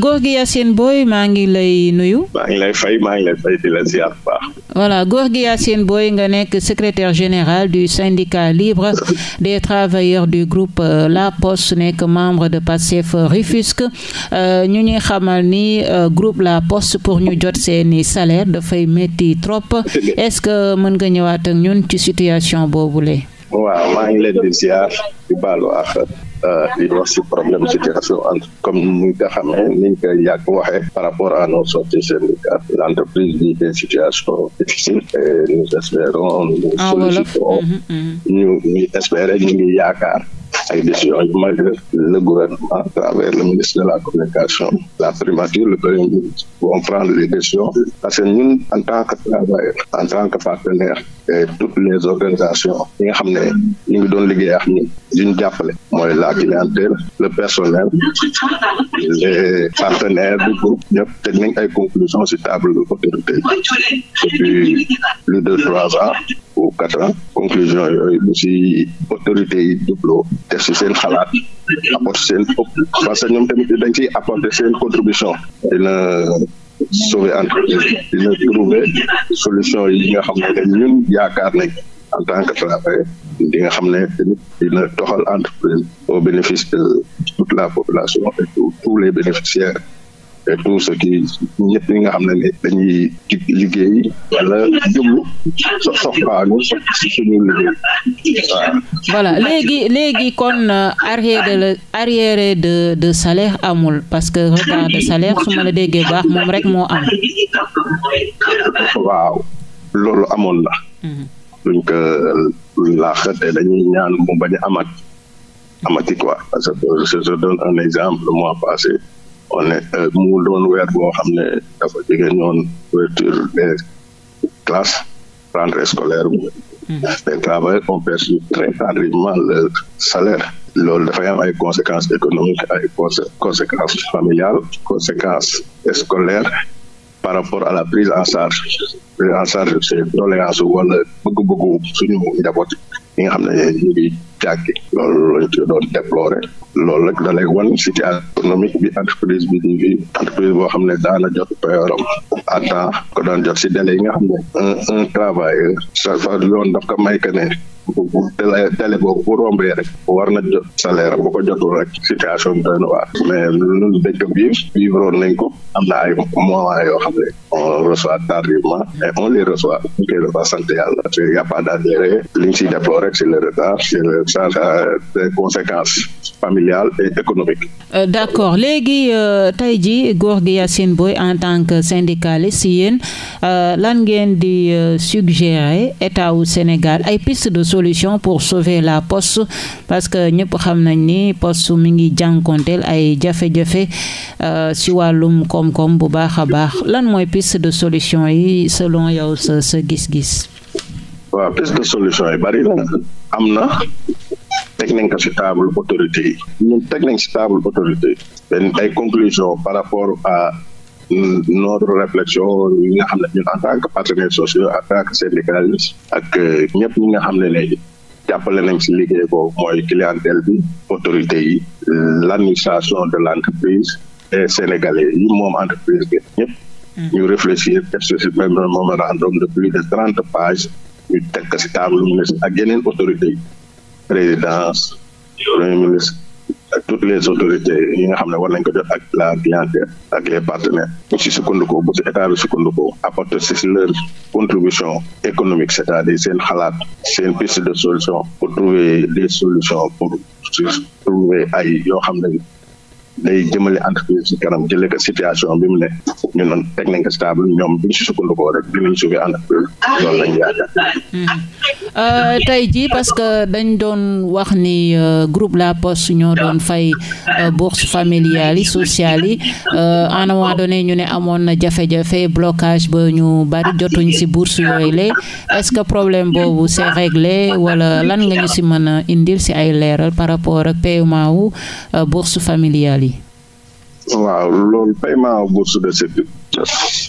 Gorgui Yacine Boye maa ngi lay nuyu. maa ngi lay fay maa ngi nga nekk secrétaire général du syndicat libre des travailleurs du groupe euh, La Poste nekk membre de Pastef Rufisque euh, ñu ñuy xamal ni euh, groupe La Poste pour ñu jot seeni salaire dafay métti trop est-ce que mën nga ñëwaat ak ñun ci situation boobu waaw di wax si problème situation entre comme ni nga xam ne ni ñu koy yàgg waxee par rapport à nos sorties syndicales l' entreprise vit des situations difficiles et nous espérons nous sollicitons mhm, mhm. ñu ñu espérer ñu ngi yaakaar ay décisions yu majeures le gouvernement à travers le ministre de la communication la primature le premier ministre vont parce que ñun en tant que travailleur en tant que partenaire et toutes les organisations yi nga xam ne ñu ngi doon liggéey ak ñun li ñu jàppale mooy la clientèle le personnel les partenaires du groupe ñëpp teg nañ ay conclusions ci table depuis plus de trois ans ou quatre ans conclusion yooyu bu si autorités yi dubloo def si seen xalaat apporter seen parce que ñoom tamit dañ ciy apporter seen contribution dina sauver entreprise dina trouver solution yi nga xam ne ñun yaakaar ne en tant que travailleur di nga xam ne tamit dina toxal entreprise au bénéfice de toute la population et tous les bénéficiaires et tout ce qui ñëpp nga xam ne ni dañuy liggéey wala jublu soxlaanu suñu liggéey waaw. voilà léegi léegi kon euh, arriéré de arriéré de de salaire amul parce que retard de salaire su ma la déggee baax moom rek moo am. waaw amoon na. duñ laax te dañuy ñaan mu bañ amat amati quoi parce que je te donne un exemple mois passé. on est euh, mu doon weer boo xam ne dafa jege ñoon ouverture des classes rentrée scolaire bi hmm. les travailleurs ont très tardivement leur salaire loolu dafay am ay conséquences économique ay conséquences familiales conséquences scolaires par rapport à la prise en charge prise en charge c'est doléance wala bëgg-bëggu suñu njaboot ñi nga xam ne ñu ngi jàkki loolu lañ ci doon déploré loolu rek da lay wan a économique bi entreprise bi ñu ngi entreprise boo xam ne daana jot payoram o temps ko daan jot si délai yi nga xam ne un un travailleur sa fa yoon daf ko may que ne boobu délai délai boobu bu rombee rek war na jot salaire bu ko jotul rek situation bi doy na waar mais loolu dañ ko biir vivroon nañ ko am na ay moment yoo xam ne on reçoit tardivement mais on les reçoit ñu koy dafa sant yàlla parce que y a pas d'arriéré li rek c'est le retard euh, et économiques. Euh, d'accord léegi euh, tey jii Gorgui Yacine Boye en tant que syndicaliste yéen lan ngeen di suggérer état Sénégal ay piste de solution solution pour sauver la post parce que ñëpp xam nañ ni post mi ngi jànkonteel ay jafe-jafe euh, si wàllum koom-koom bu baax a baax lan mooy piste de solution yi selon yow sa sa gis-gis. waaw solution yi bari na am na teg si table autorité yi ñun teg si table autorité yi. benn ay conclusion par rapport à. notre réflexion yi nga xam ne ñun en tant que partenaires sociaux en tant que syndicalistes ak euh, ñëpp ñi nga xam ne léegi jàppale nañ si liggéey boobu mooy clientèle bi autorité yi l' administration de l' entreprise et yi moom entreprise bi ñëpp mm. ñu réfléchir def si même mémorandum de plus de trente pages ñu teg si table ministre ak yeneen autorité yi présidence premier ministre ak toutes les autorités yi nga xam ne war nañ ko jot ak la clientèle ak les partenaires bu si sukkandikoo bu si état bi sukkandikoo apporter si leur contribution économique cest a dire seen xalaat seen piste de solution pour trouver des solutions pour trouver ay yoo xam ne day jëmale hmm. euh, tey jii parce que dañ doon wax ni euh, groupe La Poste ñoo doon fay euh, bourse familiale yi sociale yi à un ñu ne amoon na jafe-jafe blocage ba ñu bari jotuñ si bourse yooyu la est-ce que problème boobu c'est réglé wala lan nga ñu si mën a indil si ay leeral par rapport ak paiement wu bourse familiale yi. waaw loolu paiement bourse de sécurité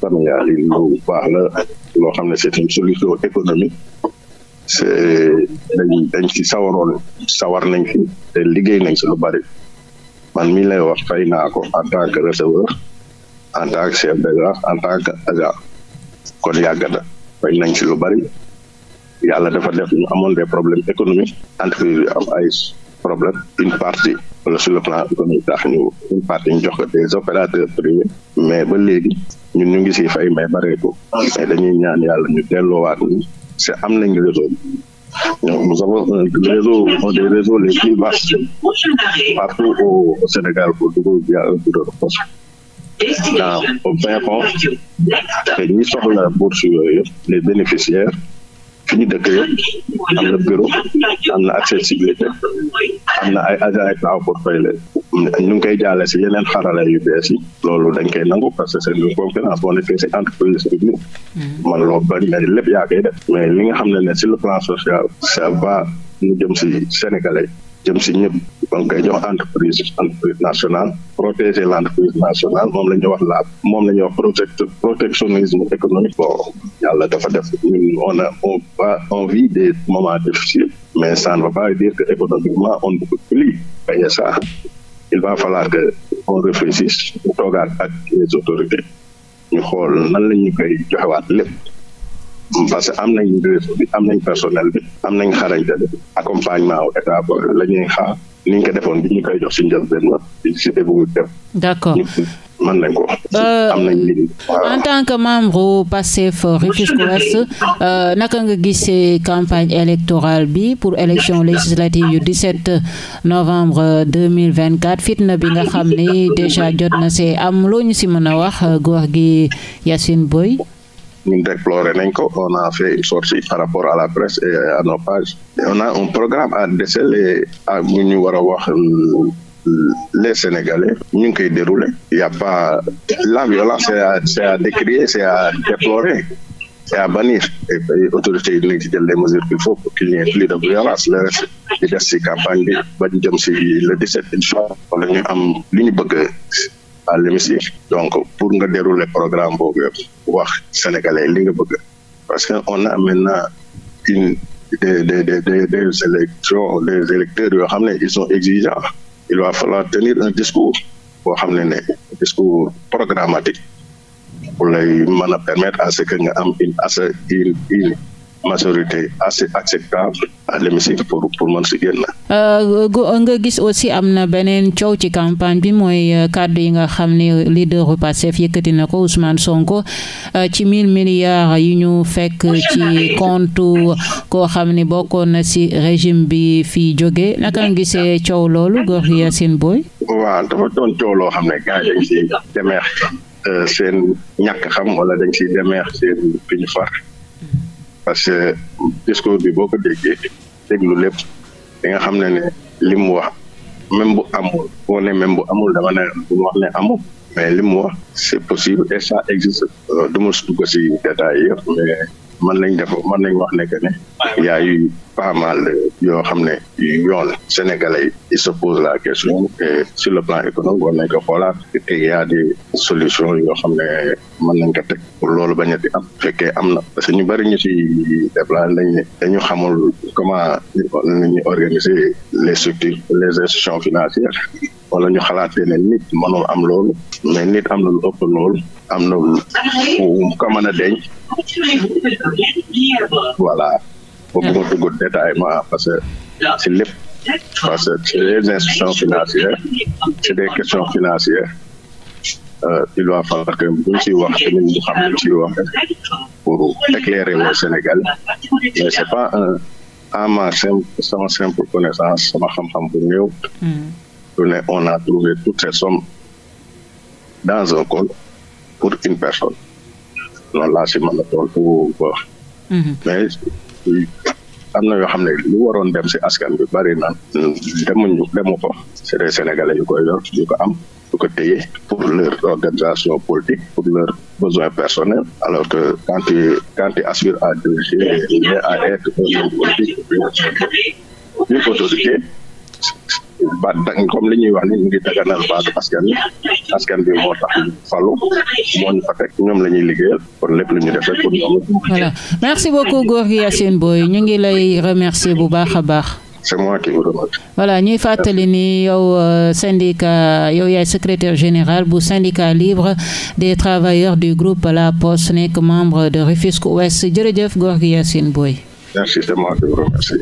familiale yi lu baax la loo xam ne c'est une solution économique c'est dañ dañ ci sawar nañ ci te liggéey nañ ci lu bari man mi lay wax fay naa ko en tant que receveur en tant que chef d'agence en tant que agent kon yàgg na fay nañ ci lu bari yàlla defa def ñu amoon des problème économiques entreprise bi am ay problème une partie wala sur le plan économique tax ñu une partie ñu jox ko des opérateurs mais ba léegi ñun ñu ngi siy fay mais bareeku mais dañuy ñaan yàlla ñu delloowaat ñu c'est am nañ réseau ñoom nous avons un réseau un des réseaux les plus vastes partout au Sénégal pour dugg via un bureau de poste dans au fin fond te ñi soxla bourse yooyu les bénéficiaires fi ñu dëkk yëpp am na bureau am na accessibilité am na ay agents état pour fay leen ñu ngi koy jaale si yeneen xarala yu bees yi loolu dañ koy nangu parce que c'est une concurrence boo nekkee si entreprise publique man loo bañ nga lépp yaa koy def mais li nga xam ne ne sur le plan social ça va ñu jëm si sénégalais jëm si ñëpp donc koy jox entreprise entreprise nationale protéger l' entreprise nationale moom la ñuy wax la moom la wax protect protectionnisme économique bon yàlla dafa def ñun on a on va on vit des moments mais ça ne veut dire que économiquement on ne peut plus payer ça il va falloir que on réfléchisse toogaat ak les autorités ñu xool nan la ñu koy joxewaat lépp parce que am nañ réseau bi am nañ personnel bi am nañ xarañte bi accompagnement wu état la ñuy xaar ni ñu ko defoon bi ñu koy jox si njëlbeen si début def. d'accord. mën nañ ko. Euh, am nañ en tant que membre Pastef Rufisque Ouest euh, naka nga gisee campagne électorale bi pour élection législative yu 17 novembre 2024 fitna bi nga xam ni déjà jot na se am loo ñu si mën a wax euh, góor gi Yacine Boye. ñun déploré nañ ko on a fait une par rapport à la presse et à nos on a un programme à déceler à bu ñu war a wax les Sénégalais ñu ngi koy dérouler y pas la violence c'est à c'est à décrier c'est à déplorer c'est à bannir et autorités yi dinañ ci jël les faut pour qu'il n'y plus de violence le reste di des ci campagne bi ba ñu jëm ci le 17 incha allah ñu am lu ñu bëgg à l'hémicycle donc pour nga dérouler programme boobu yëpp wax sénégalais li nga bëgg parce que on na maintenant une des des des des des élections des électeurs yoo xam ne ils sont exigeants il va falloir tenir un discours boo xam ne ne discours programmatique pour lay mën a permettre à ce que nga am une une une majorité assez acceptable à l'hémicycle pour pour mën si génn. Euh, nga gis aussi am na beneen coow ci campagne bi mooy euh, kàddu yi nga xam ne leaderu Pastef yëkkati na ko Ousmane Sonko euh, ci mille milliards yi ñu fekk ci compte koo xam ne bokkoon na si régime bi fii jóge naka nga gisee coow loolu Gorgui Yacine Boye. dafa doon coow loo xam ne gars dañ siy demeex seen ñàkk xam wala dañ siy demeex seen fi far. parce que discours bi boo ko déggee déglu lépp di nga xam ne ne li mu wax même bu amul boo ne même bu amul dama ne bu mu wax ne amul mais li mu wax c'est possible et ça existe euh, du ma dugg si détails yëpp mais man lañ defoo man nañ wax ne que ne y a eu pas mal yoo xam ne yu yoon sénégalais yi se pose la question et sur le plan économique war nañ ko xoolaat et y a des xam ne mën nañ ko teg pour loolu ba a am fekkee am na parce que ñu bëri ñu si déplacé dañ ne dañu xamul comment ñu organiser les structures les institutions financières wala ñu xalaat ne nit mënul am lool mais nit am na lu ëpp loolu am na lu ko mën a denc voilà bëgguma dugg détail ma parce que si lépp parce que c'est les institutions financières c'est des questions financier euh, il va falloir que buñ si wax tamit ñu xam luñ siy wax pour éclairer le Sénégal mais c'est pas un à ma simple sama simple connaissance sama xam-xam bu néew hmm. donné, on a trouvé toutes ces sommes dans un compte pour une personne. loolu laa si mën tool bu mais am na yoo xam ne lu waroon dem si askan bi bari na demuñu demu ko c'est des sénégalais yu koy yor ko am yu ko téye pour leur organisation politique pour leurs besoins personnels alors que quand tu quand tu aspires à diriger à être un politique une autorité ba comme li ñuy wax ni ñu ngi daganal baatu askan bi askan bi moo tax falu moo ñu fa teg ñoom la ñuy liggéeyal kon lépp lu ñu def rek pour ñoom. voilà merci beaucoup Gorgui Yacine Boye ñu ngi lay remercier bu baax a baax. c'est moi qui vous remercie. voilà ñuy fàttali ni yow euh, syndicat yow yaay secrétaire général bu syndicat libre des travailleurs du groupe La Poste nekk membre de Rufisque Ouest jërëjëf Gorgui Yacine Boye. merci c'est moi qui vous remercie.